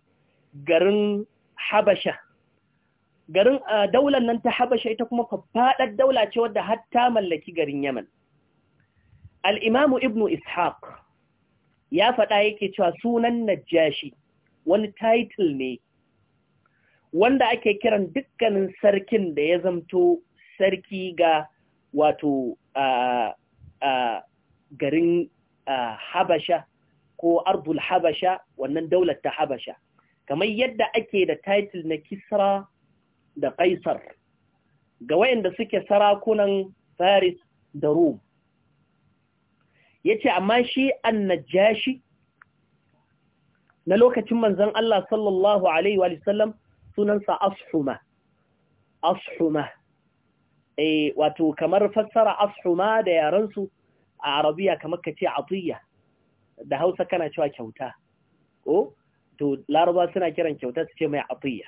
garin Habasha. Garin daular nan ta Habasha ita kuma faɗaɗ daula ce wadda hatta mallaki garin Yaman. Al'imamu Ibnu Ishaq ya faɗa yake cewa sunan Najashi wani title ne wanda ake kiran dukkanin sarkin da ya zamto sarki ga wato garin Habasha ko Arbul Habasha wannan daular ta Habasha. kamar yadda ake da title na Kisra da Kaisar ga wayanda suke sarakunan Faris da Rome, yace amma shi annajashi na lokacin manzon Allah sallallahu alaihi wa sallam sunansa ashuma ashuma eh wato kamar fassara ashuma da yaran su a arabiya kamar kace atiya da Hausa kana cewa kyauta to laraba suna kiran kyauta su ce mai atiyya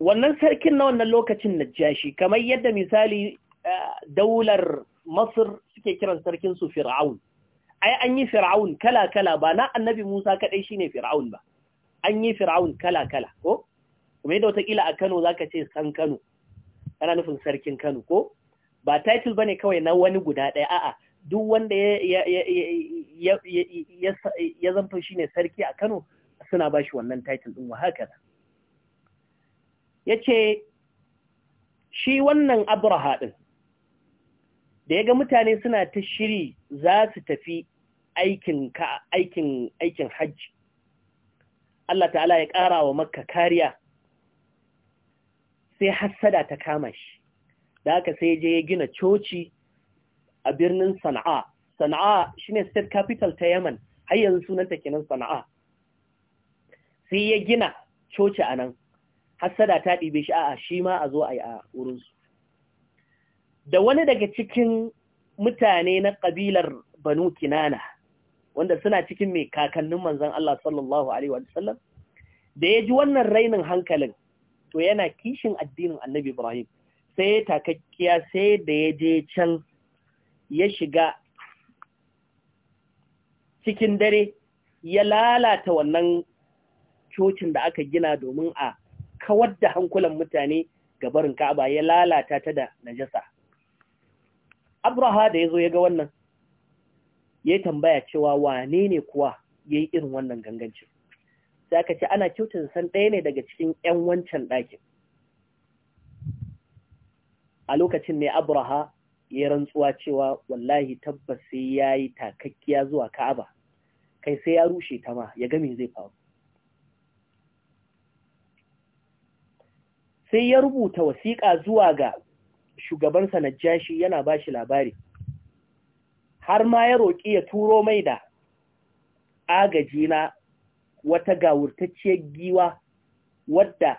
wannan sarkin na wannan lokacin najashi kamar yadda misali eh, daular Masir suke kiran sarkin su fir'aun ai an yi fir'aun kala-kala ba na annabi musa kadai shine fir'aun ba an yi fir'aun kala-kala ko kuma yadda watakila a kano za ka ce san kano ana nufin sarkin kano ko ba title bane kawai na wani guda ɗaya a'a duk wanda ya zanto shi ne sarki a Kano suna ba shi wannan titan ɗin wa haka da. ya ce shi wannan abraha ɗin da ya ga mutane suna ta shiri za su tafi aikin aikin hajji Allah ta'ala ya ƙara wa makka kariya sai hassada ta kama shi da aka sai je ya gina coci a birnin Sana'a. Sana'a shine state capital ta yaman har yanzu sunanta kenan Sana'a. Sai ya gina coci a nan, hassada ta ɗibe shi a'a shi ma a zo a yi a wurinsu. Da wani daga cikin mutane na ƙabilar Banu Kinana, wanda suna cikin mai kakannin manzan Allah sallallahu Alaihi wasallam, da ya ji wannan rainin hankalin, to yana kishin addinin annabi Ibrahim, sai ya takakkiya sai da ya je can ya shiga cikin dare ya lalata wannan cocin da aka gina domin a kawar da hankulan mutane ga barin Ka'aba ya lalata ta da najasa. Abraha da ya zo ya ga wannan, ya tambaya cewa wane ne kuwa ya yi irin wannan gangancin. Sai aka ce ana cocin san ɗaya ne daga cikin ‘yan wancan ɗakin. A lokacin ne Abraha ya rantsuwa cewa wallahi tabbas sai ya yi takakkiya zuwa ka'aba kai sai ya rushe ta ma ya gami zai faru sai ya rubuta wasiƙa zuwa ga shugabansa na jashi yana ba shi labari har ma ya roƙi ya turo mai da agaji na wata gawurtacciyar giwa wadda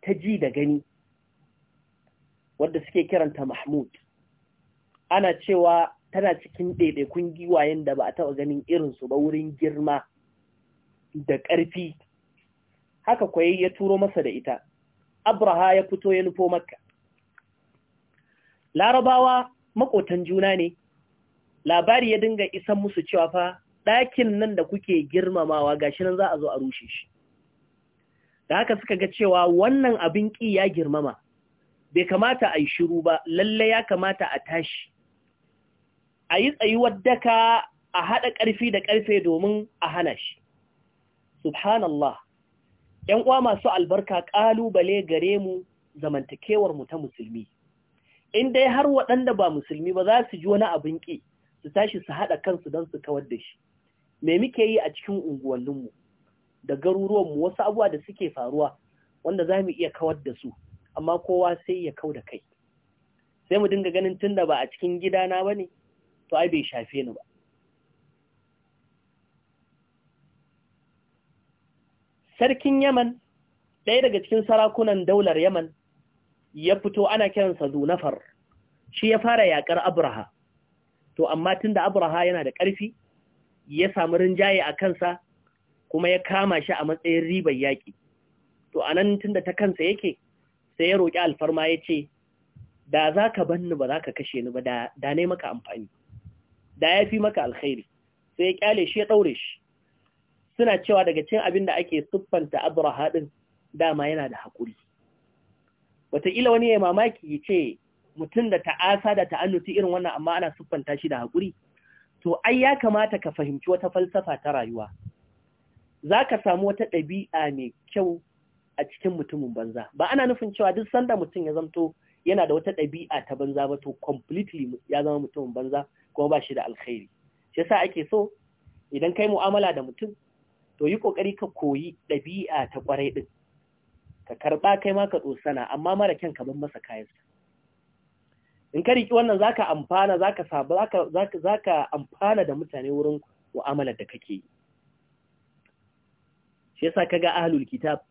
ta ji da gani wadda suke kiranta Mahmud ana cewa tana cikin ɗaiɗaikun giwayen da ba a taɓa ganin irinsu ba wurin girma da ƙarfi haka kwaye ya turo masa da ita abraha ya fito ya nufo makka larabawa makotan juna ne labari ya dinga isan musu cewa fa ɗakin nan da kuke girmamawa gashi nan za a zo a rushe shi da haka suka ga cewa wannan abin ƙi ya girmama bai kamata a yi shiru ba lalle ya kamata a tashi a yi tsayuwar daka a haɗa ƙarfi da ƙarfe domin a hana shi subhanallah ‘yan uwa masu albarka ƙalubale gare mu zamantakewar mu ta musulmi in dai har waɗanda ba musulmi ba za su ji wani abin ƙi su tashi su haɗa kansu don su kawar da shi me muke yi a cikin unguwanninmu da garuruwanmu wasu abubuwa da suke faruwa wanda za mu iya kawar da su amma kowa sai ya kau da kai sai mu dinga ganin tunda ba a cikin gidana ba ne to ai bai shafe ni ba sarkin yaman ɗaya daga cikin sarakunan daular yaman ya fito ana kiransa zunafar shi ya fara yakar abraha to amma tunda abraha yana da ƙarfi ya samu rinjaye a kansa kuma ya kama shi a matsayin ribar yaƙi to anan tunda ta kansa yake sai ya roƙi alfarma ya ce da za ka banni ba za ka kashe ni ba da ne maka amfani da ya fi maka alkhairi sai ya kyale shi ya ɗaure shi suna cewa daga cin abin da ake siffanta abura haɗin dama yana da haƙuri wataƙila wani ya mamaki ya ce mutum da ta'asa da ta'annuti irin wannan amma ana siffanta shi da haƙuri to ai ya kamata ka fahimci wata falsafa ta rayuwa za ka samu wata ɗabi'a mai kyau a cikin mutumin banza ba ana nufin cewa duk sanda mutum ya zamto yana da wata ɗabi'a ta banza ba to completely ya zama mutumin banza kuma ba shi da alkhairi shi yasa ake so idan kai mu'amala da mutum to yi kokari ka koyi ɗabi'a ta kwarai din ka karba kai ma ka tsosana amma mara kyan ka bar masa kayan in ka riki wannan zaka amfana zaka sabu zaka zaka zaka amfana da mutane wurin mu'amalar da kake yi shi yasa kaga ahlul kitab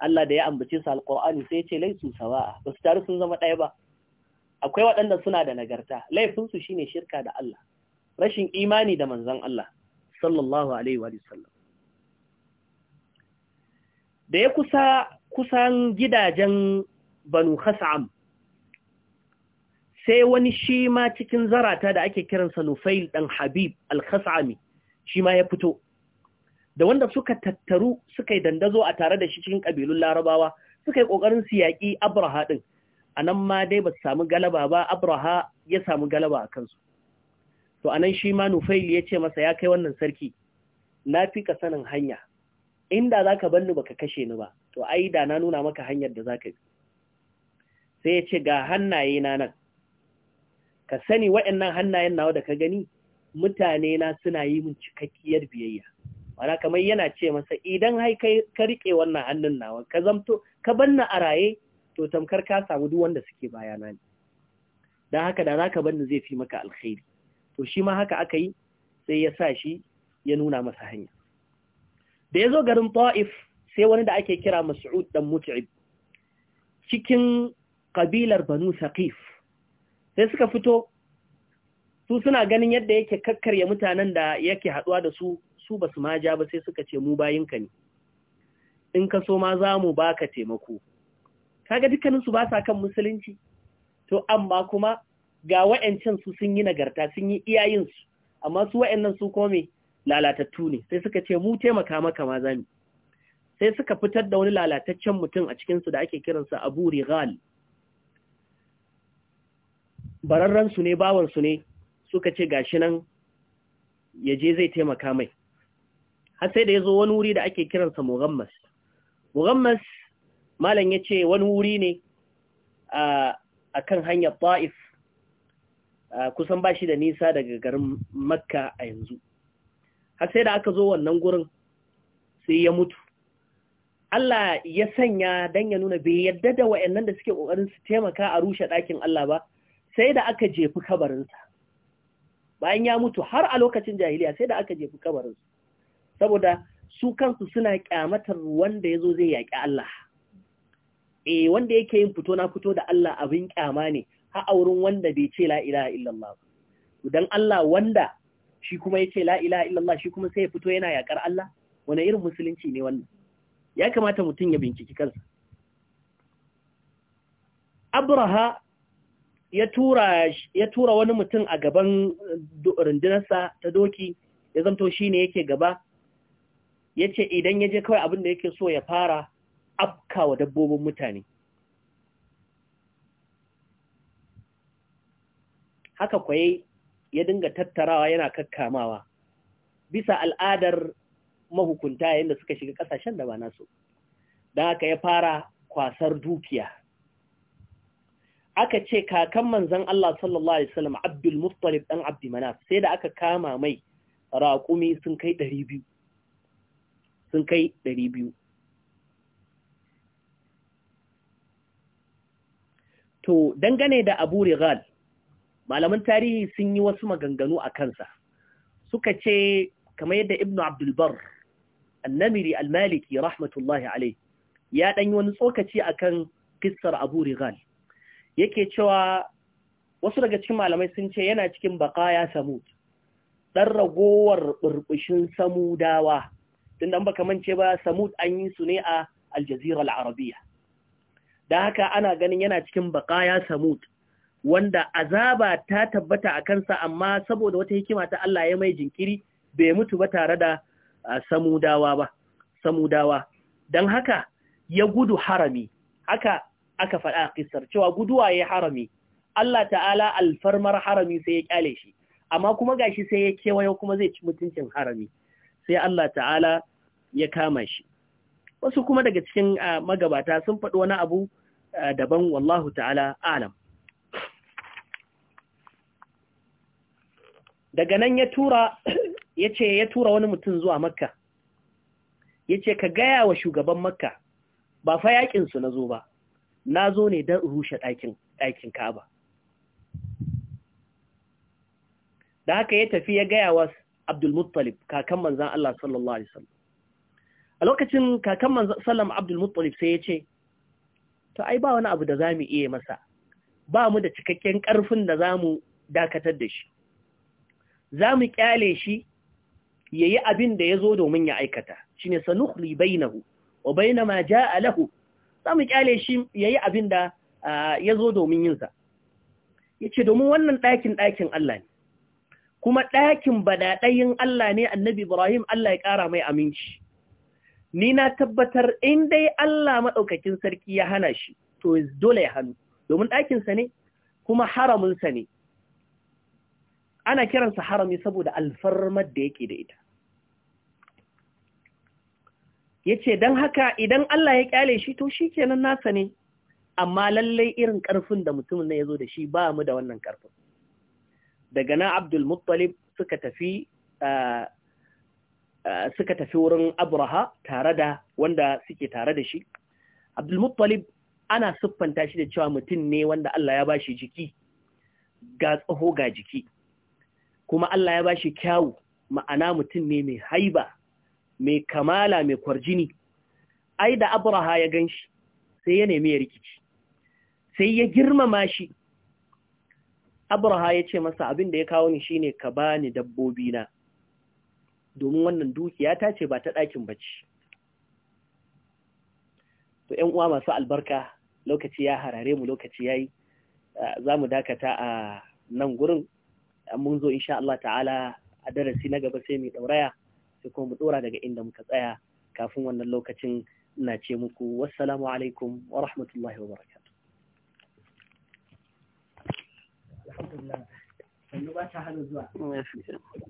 Allah da ya ambace su alqur'ani sai ya ce laisu sawa'a ba su taru sun zama ɗaya ba akwai waɗanda suna da nagarta laifin su shine shirka da Allah rashin imani da manzon Allah sallallahu alaihi wa sallam da ya kusa kusan gidajen banu khas'am sai wani shi ma cikin zarata da ake kiransa nufail dan habib al-khas'ami shi ma ya fito da wanda suka tattaru suka yi dandazo a tare da shi cikin ƙabilun larabawa suka yi ƙoƙarin su yaƙi abraha ɗin a nan ma dai ba su samu galaba ba abraha ya samu galaba a kansu to anan shi ma nufaili ya ce masa ya kai wannan sarki na fi ka sanin hanya inda za ka banni baka kashe ni ba to ai da na nuna maka hanyar da za ka bi sai ya ce ga hannaye na nan ka sani waɗannan hannayen nawa da ka gani mutane na suna yi min cikakkiyar biyayya mana kamar yana ce masa idan hai ka riƙe wannan hannun nawa ka zamto ka banna a raye to tamkar ka samu duk wanda suke bayana ne don haka da za ka banna zai fi maka alkhairi to shi ma haka aka yi sai ya sa shi ya nuna masa hanya da ya zo garin ta'if sai wani da ake kira mas'ud dan mut'ib cikin kabilar banu saqif sai suka fito su suna ganin yadda yake kakkarya mutanen da yake haduwa da su su ba su ma ba sai suka ce mu bayinka ne in ka so ma za mu baka taimako kaga dukkaninsu ba sa kan musulunci to amma kuma ga wa'ancan su sun yi nagarta sun yi iyayensu amma su wa'annan su kome lalatattu ne sai suka ce mu taimaka maka ma za sai suka fitar da wani lalataccen mutum a cikinsu da ake kiransa abu rigal bararransu ne bawansu ne suka ce gashi nan ya je zai taimaka mai har sai da ya zo wani wuri da ake kiransa mughammas mughammas malam ya ce wani wuri ne a kan hanyar Ba'is, kusan ba shi da nisa daga garin makka a yanzu har sai da aka zo wannan gurin sai ya mutu Allah ya sanya don ya nuna bai yadda da wa'annan da suke ƙoƙarin su taimaka a rushe ɗakin Allah ba sai da aka jefi kabarinsa bayan ya mutu har a lokacin jahiliya sai da aka jefi kabarinsa saboda su kansu suna kyamatar wanda ya zo zai yaki Allah e wanda yake yin fito na fito da Allah abin kyama ne ha aurin wanda bai ce la'ila a illallah Idan Allah wanda shi kuma ce la'ila a illallah shi kuma sai ya fito yana yaƙar Allah wani irin musulunci ne wannan ya kamata mutum ya binciki kansa abraha ya tura wani mutum a gaban eh, rundunarsa ta doki ya zamto ne yake gaba ya ce idan ya je kawai abin da yake so ya fara afkawa wa dabbobin mutane haka kwaye ya dinga tattarawa yana kakkamawa bisa al'adar mahukunta yayin da suka shiga kasashen da ba nasu Da haka ya fara kwasar dukiya aka ce kakan manzan Allah sallallahu Alaihi wasallam Abdul Muttalib ɗan Abdi Manaf sai da aka kama mai raƙumi sun kai ɗari biyu sun kai ɗari biyu. To, dangane da Abu Rigal, malaman tarihi sun yi wasu maganganu a kansa, suka ce, kamar yadda Ibn Abdulbar, annamiri al-Maliki, rahmatullahi alai, ya ɗanyi wani tsokaci a kan kissar Abu Rigal. Yake cewa wasu daga cikin malamai sun ce yana cikin baƙaya samud, ɗan ragowar ɓurɓushin samudawa tun da baka mance ba samud an yi su ne a aljazira al'arabiya da haka ana ganin yana cikin bakaya samud wanda azaba ta tabbata a kansa amma saboda wata hikima ta Allah ya mai jinkiri bai mutu ba tare da samudawa ba samudawa don haka ya gudu harami haka aka faɗa kisar cewa guduwa ya harami Allah ta'ala alfarmar harami sai ya kyale shi amma kuma gashi sai ya kewayo kuma zai ci mutuncin harami sai Allah ta'ala ya kama shi wasu kuma daga cikin ah, magabata sun faɗi wani abu ah, daban wallahu ta'ala alam daga nan ya tura ya ce ya tura wani mutum zuwa makka ya ce ka gaya wa shugaban makka ba fa yaƙinsu na zo ba na zo ne don rushe ɗakin ba da haka ya tafi ya gaya wasu Abdul Muttalib kakan manzan Allah sallallahu alaihi wasallam a lokacin kakan manzan sallam Abdul Muttalib sai ya ce to ai ba wani abu da mu iya masa ba mu da cikakken karfin da zamu dakatar da shi mu ƙyale shi yayi abin da yazo domin ya aikata shine sanukhli bainahu wa bainama jaa lahu zamu kyale shi yayi abin da ah, zo domin yinsa. Ya yace domin wannan ɗakin ɗakin Allah ne kuma ɗakin badaɗayin Allah ne annabi Ibrahim Allah ya ƙara mai aminci. Ni na tabbatar in dai Allah maɗaukakin sarki ya hana shi, to dole ya hannu, domin ɗakinsa ne kuma haraminsa ne. Ana kiransa harami saboda alfarmar da yake da ita. Ya ce, don haka idan Allah ya ƙyale shi to shi kenan nasa ne, amma lallai irin ƙarfin da mutumin na ya zo da shi ba mu da wannan ƙarfin. daga nan abdul muttalib suka tafi suka tafi wurin abraha tare da wanda suke tare da shi abdul muttalib ana siffanta shi da cewa mutum ne wanda Allah ya bashi jiki ga tsaho ga jiki kuma Allah ya bashi kyawu ma'ana mutum ne mai haiba mai kamala mai kwarjini ai da abraha ya ganshi sai ya nemi ya rikici sai ya girmama shi abraha ya ce masa abin da ya kawo ni shine ka bani dabbobi na domin wannan dukiya ta ce ba ta ɗakin bacci to ƴan uwa masu albarka lokaci ya harare mu lokaci yayi eh, za mu dakata a nan gurin mun zo insha Allah ta'ala a darasi na gaba sai mu dauraya sai kuma mu dora daga inda muka tsaya kafin wannan lokacin ina ce muku wassalamu alaikum wa rahmatullahi wa barakatuh sannu ba ta hana zuwa